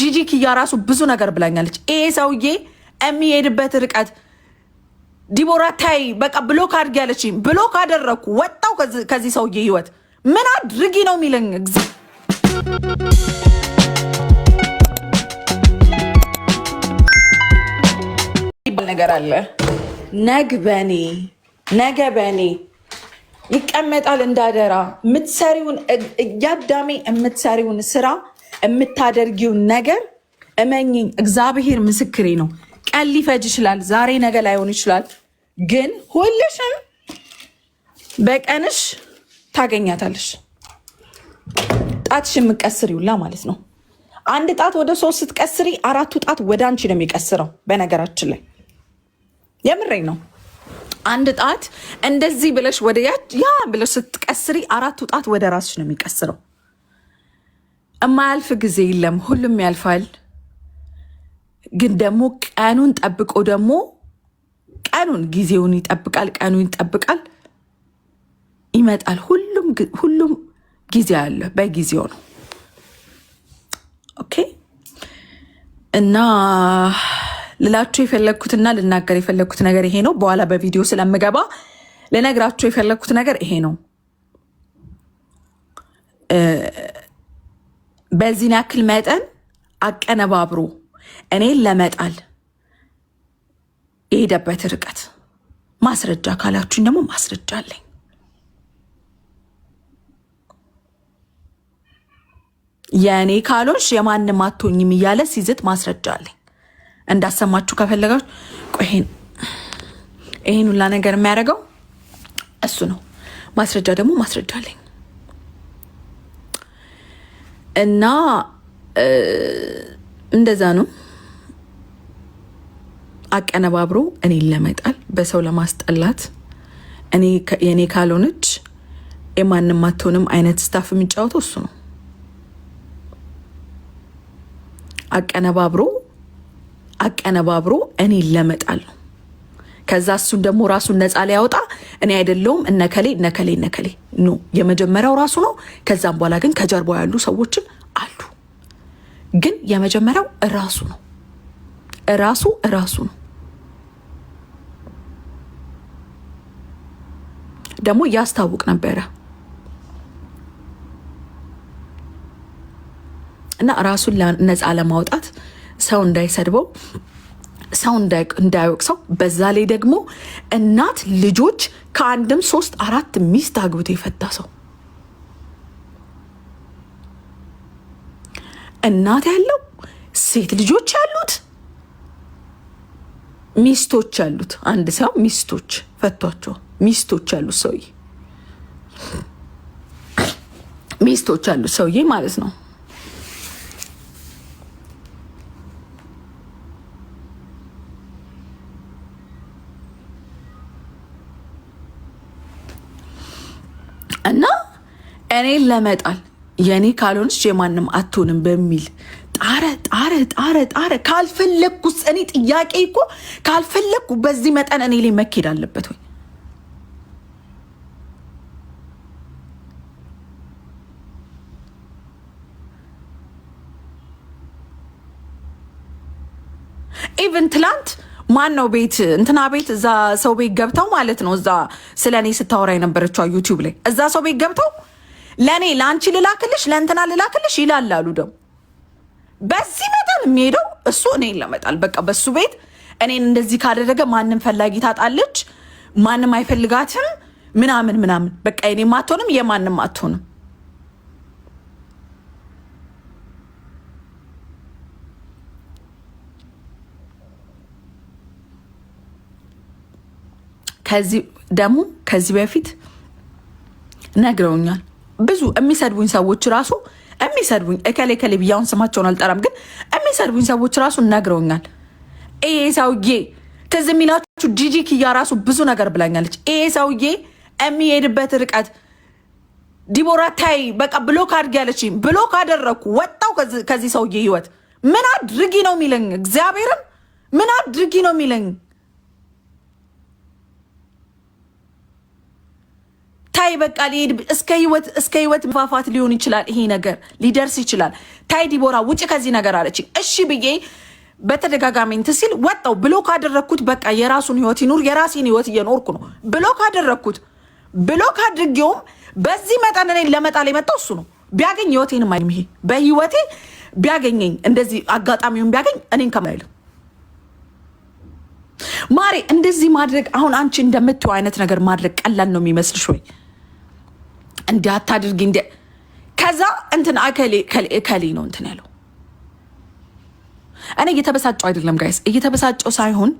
ጂጂ ኪያ ራሱ ብዙ ነገር ብላኛለች። ይሄ ሰውዬ የሚሄድበት ርቀት ዲቦራ ታይ በቃ ብሎክ አድርግ ያለች ብሎክ አደረግኩ። ወጣው ከዚህ ሰውዬ ህይወት ምን አድርጊ ነው የሚለኝ? ነገር አለ ነግ በኔ ነገ በኔ ይቀመጣል እንዳደራ የምትሰሪውን እያዳሜ የምትሰሪውን ስራ የምታደርጊው ነገር እመኝኝ፣ እግዚአብሔር ምስክሬ ነው። ቀን ሊፈጅ ይችላል፣ ዛሬ ነገ ላይሆን ይችላል። ግን ሁልሽም በቀንሽ ታገኛታለሽ። ጣትሽ የምቀስር ይውላ ማለት ነው። አንድ ጣት ወደ ሶስት ስትቀስሪ አራቱ ጣት ወደ አንቺ ነው የሚቀስረው። በነገራችን ላይ የምረኝ ነው። አንድ ጣት እንደዚህ ብለሽ ወደ ያ ብለሽ ስትቀስሪ አራቱ ጣት ወደ ራስሽ ነው የሚቀስረው። እማያልፍ ጊዜ የለም። ሁሉም ያልፋል። ግን ደግሞ ቀኑን ጠብቆ ደግሞ ቀኑን ጊዜውን ይጠብቃል፣ ቀኑን ይጠብቃል፣ ይመጣል። ሁሉም ጊዜ አለ፣ በጊዜው ነው። ኦኬ። እና ልላችሁ የፈለግኩትና ልናገር የፈለግኩት ነገር ይሄ ነው። በኋላ በቪዲዮ ስለምገባ ልነግራችሁ የፈለግኩት ነገር ይሄ ነው። በዚህን ያክል መጠን አቀነባብሮ እኔን ለመጣል የሄደበት ርቀት ማስረጃ ካላችሁኝ ደግሞ ማስረጃ አለኝ። የእኔ ካልሆንሽ የማንም አትሆኝም እያለ ሲዝት ማስረጃ አለኝ። እንዳሰማችሁ ከፈለጋችሁ ቆይን ይህን ሁላ ነገር የሚያደርገው እሱ ነው። ማስረጃ ደግሞ ማስረጃ አለኝ። እና እንደዛ ነው አቀነባብሮ እኔን ለመጣል በሰው ለማስጠላት የእኔ ካልሆነች የማንም አትሆንም አይነት ስታፍ የሚጫወተው እሱ ነው። አቀነባብሮ አቀነባብሮ እኔን ለመጣል ነው። ከዛ እሱን ደግሞ ራሱን ነፃ ሊያወጣ እኔ አይደለውም እነከሌ እነከሌ እነከሌ ኖ የመጀመሪያው ራሱ ነው። ከዛም በኋላ ግን ከጀርባው ያሉ ሰዎችም አሉ። ግን የመጀመሪያው እራሱ ነው። እራሱ እራሱ ነው። ደግሞ ያስታውቅ ነበረ እና ራሱን ነፃ ለማውጣት ሰው እንዳይሰድበው ሰው እንዳይወቅሰው፣ በዛ ላይ ደግሞ እናት ልጆች ከአንድም ሶስት አራት ሚስት አግብቶ የፈታ ሰው እናት ያለው ሴት ልጆች ያሉት ሚስቶች ያሉት አንድ ሰው ሚስቶች ፈቷቸው ሚስቶች ያሉት ሰውዬ ሚስቶች ያሉት ሰውዬ ማለት ነው። እና እኔን ለመጣል የእኔ ካልሆንሽ የማንም አትሆንም በሚል ጣረ ጣረ ጣረ ጣረ። ካልፈለግኩስ እኔ ጥያቄ እኮ ካልፈለግኩ በዚህ መጠን እኔ ላይ መኬድ አለበት ወይ? ኢቨን ትላንት ማን ነው ቤት እንትና ቤት እዛ ሰው ቤት ገብተው ማለት ነው እዛ ስለ እኔ ስታወራ የነበረችው ዩቲዩብ ላይ እዛ ሰው ቤት ገብተው ለእኔ ለአንቺ ልላክልሽ ለእንትና ልላክልሽ ይላል አሉ። ደግሞ በዚህ መጠን የሚሄደው እሱ እኔን ለመጣል በቃ በሱ ቤት እኔን እንደዚህ ካደረገ ማንም ፈላጊ ታጣለች፣ ማንም አይፈልጋትም ምናምን ምናምን በቃ የኔም አትሆንም የማንም አትሆንም። ከዚህ ደግሞ ከዚህ በፊት ነግረውኛል። ብዙ የሚሰድቡኝ ሰዎች ራሱ የሚሰድቡኝ እከሌ እከሌ ብያውን ስማቸውን አልጠራም፣ ግን የሚሰድቡኝ ሰዎች ራሱ ነግረውኛል። ይሄ ሰውዬ ትዝ የሚላችሁ ጂጂ ክያ ራሱ ብዙ ነገር ብላኛለች። ይሄ ሰውዬ የሚሄድበት ርቀት ዲቦራ ታይ በቃ ብሎክ አድርግ ያለች ብሎክ አደረግኩ። ወጣው ከዚህ ሰውዬ ህይወት ምን አድርጊ ነው የሚለኝ? እግዚአብሔርን ምን አድርጊ ነው የሚለኝ? ታይ በቃ ሊሄድ እስከ ህይወት እስከ ህይወት መፋፋት ሊሆን ይችላል። ይሄ ነገር ሊደርስ ይችላል። ታይ ዲቦራ ውጭ ከዚህ ነገር አለች። እሺ ብዬ በተደጋጋሚ እንትን ሲል ወጣው ብሎ ካደረግኩት በቃ የራሱን ህይወት ይኑር፣ የራሴን ህይወት እየኖርኩ ነው ብሎ ካደረግኩት ብሎ ካድርጌውም በዚህ መጠን እኔን ለመጣል የመጣው እሱ ነው። ቢያገኝ ህይወቴን ማይም ይሄ በህይወቴ ቢያገኘኝ እንደዚህ አጋጣሚውን ቢያገኝ እኔን ከማይል ማሬ እንደዚህ ማድረግ አሁን አንቺ እንደምትው አይነት ነገር ማድረግ ቀላል ነው የሚመስልሽ ወይ? እንዳታድርጊ እንደ ከዛ እንትን ከሌ ነው እንትን ያለው። እኔ እየተበሳጨው አይደለም ጋይስ፣ እየተበሳጨው ሳይሆን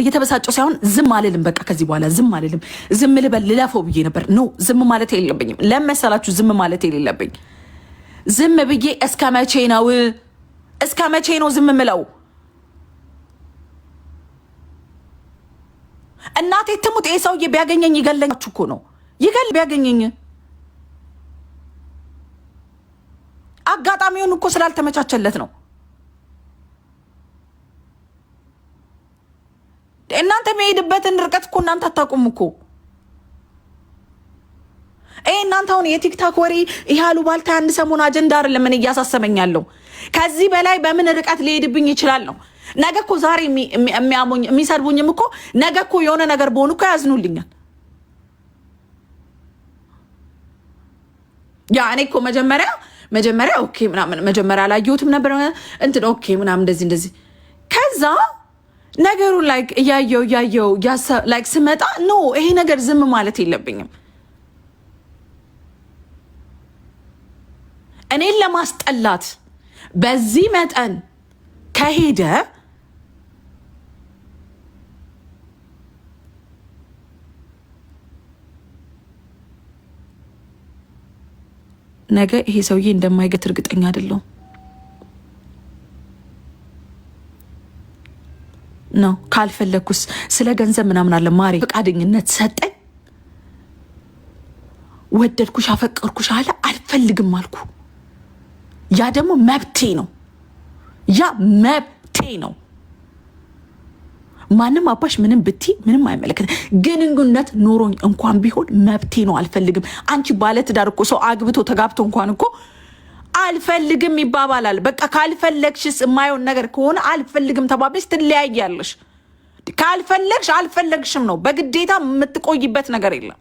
እየተበሳጨው ሳይሆን ዝም አልልም። በቃ ከዚህ በኋላ ዝም አልልም። ዝም ልበል ልለፈው ብዬ ነበር። ኖ ዝም ማለት የሌለብኝም። ለመሰላችሁ ዝም ማለት የሌለብኝ ዝም ብዬ እስከ መቼ ነው እስከ መቼ ነው ዝም ምለው? እናቴ ትሙት ይሄ ሰውዬ ቢያገኘኝ ይገለኛችሁ እኮ ነው ይገል ቢያገኘኝ አጋጣሚውን እኮ ስላልተመቻቸለት ነው። እናንተ የሚሄድበትን ርቀት እኮ እናንተ አታውቁም እኮ። ይሄ እናንተ አሁን የቲክታክ ወሬ ይህሉ ባልታ አንድ ሰሞን አጀንዳ አይደለም። እኔ እያሳሰበኝ ከዚህ በላይ በምን ርቀት ሊሄድብኝ ይችላል ነው። ነገ እኮ ዛሬ የሚሰድቡኝም እኮ ነገ እኮ የሆነ ነገር በሆኑ እኮ ያዝኑልኛል። ያ እኔ እኮ መጀመሪያ መጀመሪያ ኦኬ ምናምን መጀመሪያ አላየሁትም ነበር እንትን ኦኬ ምናምን እንደዚህ እንደዚህ ከዛ ነገሩን ላይክ እያየው እያየው ላይክ ስመጣ ኖ ይሄ ነገር ዝም ማለት የለብኝም እኔን ለማስጠላት በዚህ መጠን ከሄደ ነገ ይሄ ሰውዬ እንደማይገት እርግጠኛ አይደለሁም። ነው ካልፈለግኩስ? ስለ ገንዘብ ምናምን አለ ማሬ ፈቃደኝነት ሰጠኝ፣ ወደድኩሽ፣ አፈቀርኩሽ አለ። አልፈልግም አልኩ። ያ ደግሞ መብቴ ነው። ያ መብቴ ነው። ማንም አባሽ ምንም ብቲ ምንም አይመለከት። ግንኙነት ኖሮኝ እንኳን ቢሆን መብቴ ነው፣ አልፈልግም። አንቺ ባለትዳር እኮ ሰው አግብቶ ተጋብቶ እንኳን እኮ አልፈልግም ይባባላል። በቃ ካልፈለግሽስ የማየውን ነገር ከሆነ አልፈልግም ተባብለሽ ትለያያለሽ። ካልፈለግሽ አልፈለግሽም ነው። በግዴታ የምትቆይበት ነገር የለም።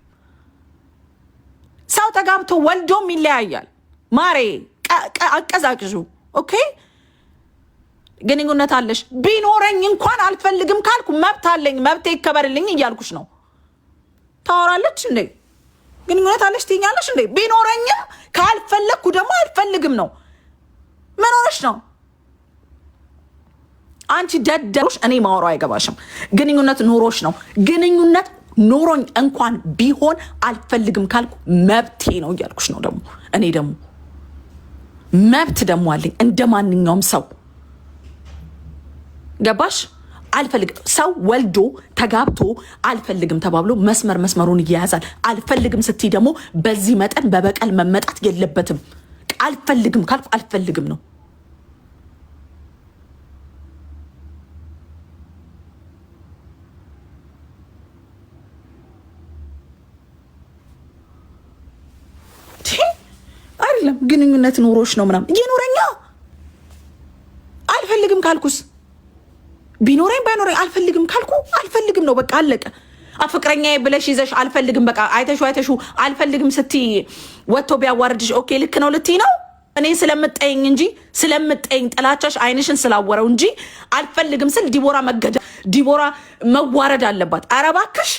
ሰው ተጋብቶ ወልዶም ይለያያል። ማሬ አቀዛቅዙ ኦኬ ግንኙነት አለሽ። ቢኖረኝ እንኳን አልፈልግም ካልኩ መብት አለኝ፣ መብት ይከበርልኝ እያልኩሽ ነው። ታወራለች እንዴ? ግንኙነት አለሽ ትይኛለሽ እንዴ? ቢኖረኝም ካልፈለግኩ ደግሞ አልፈልግም ነው። ምን ሆነሽ ነው አንቺ ደደሮሽ? እኔ ማወራው አይገባሽም። ግንኙነት ኑሮሽ ነው። ግንኙነት ኖሮኝ እንኳን ቢሆን አልፈልግም ካልኩ መብቴ ነው እያልኩሽ ነው። ደግሞ እኔ ደግሞ መብት ደግሞ አለኝ እንደ ማንኛውም ሰው ገባሽ? አልፈልግም ሰው ወልዶ ተጋብቶ አልፈልግም ተባብሎ መስመር መስመሩን እያያዛል። አልፈልግም ስትይ ደግሞ በዚህ መጠን በበቀል መመጣት የለበትም። አልፈልግም ካልኩ አልፈልግም ነው። አይደለም ግንኙነት ኖሮች ነው ምናምን እየኖረኛ አልፈልግም ካልኩስ ቢኖረኝ ባይኖረኝ አልፈልግም ካልኩ አልፈልግም ነው በቃ አለቀ። ፍቅረኛ ብለሽ ይዘሽ አልፈልግም በቃ አይተሹ አይተሹ አልፈልግም ስትይ ወጥቶ ቢያዋርድሽ ኦኬ ልክ ነው ልትይ ነው? እኔ ስለምጠይኝ እንጂ ስለምጠይኝ ጥላቻሽ አይንሽን ስላወረው እንጂ አልፈልግም ስል ዲቦራ መገዳ ዲቦራ መዋረድ አለባት። ኧረ እባክሽ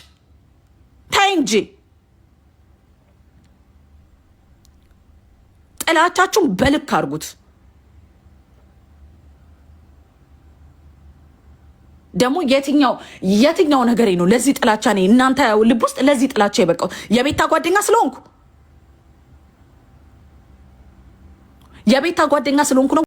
ታይ እንጂ ጥላቻችሁን በልክ አድርጉት። ደግሞ የትኛው የትኛው ነገሬ ነው ለዚህ ጥላቻ ነ እናንተ ልብ ውስጥ ለዚህ ጥላቻ የበቃው የቤታ ጓደኛ ስለሆንኩ የቤታ ጓደኛ ስለሆንኩ ነው።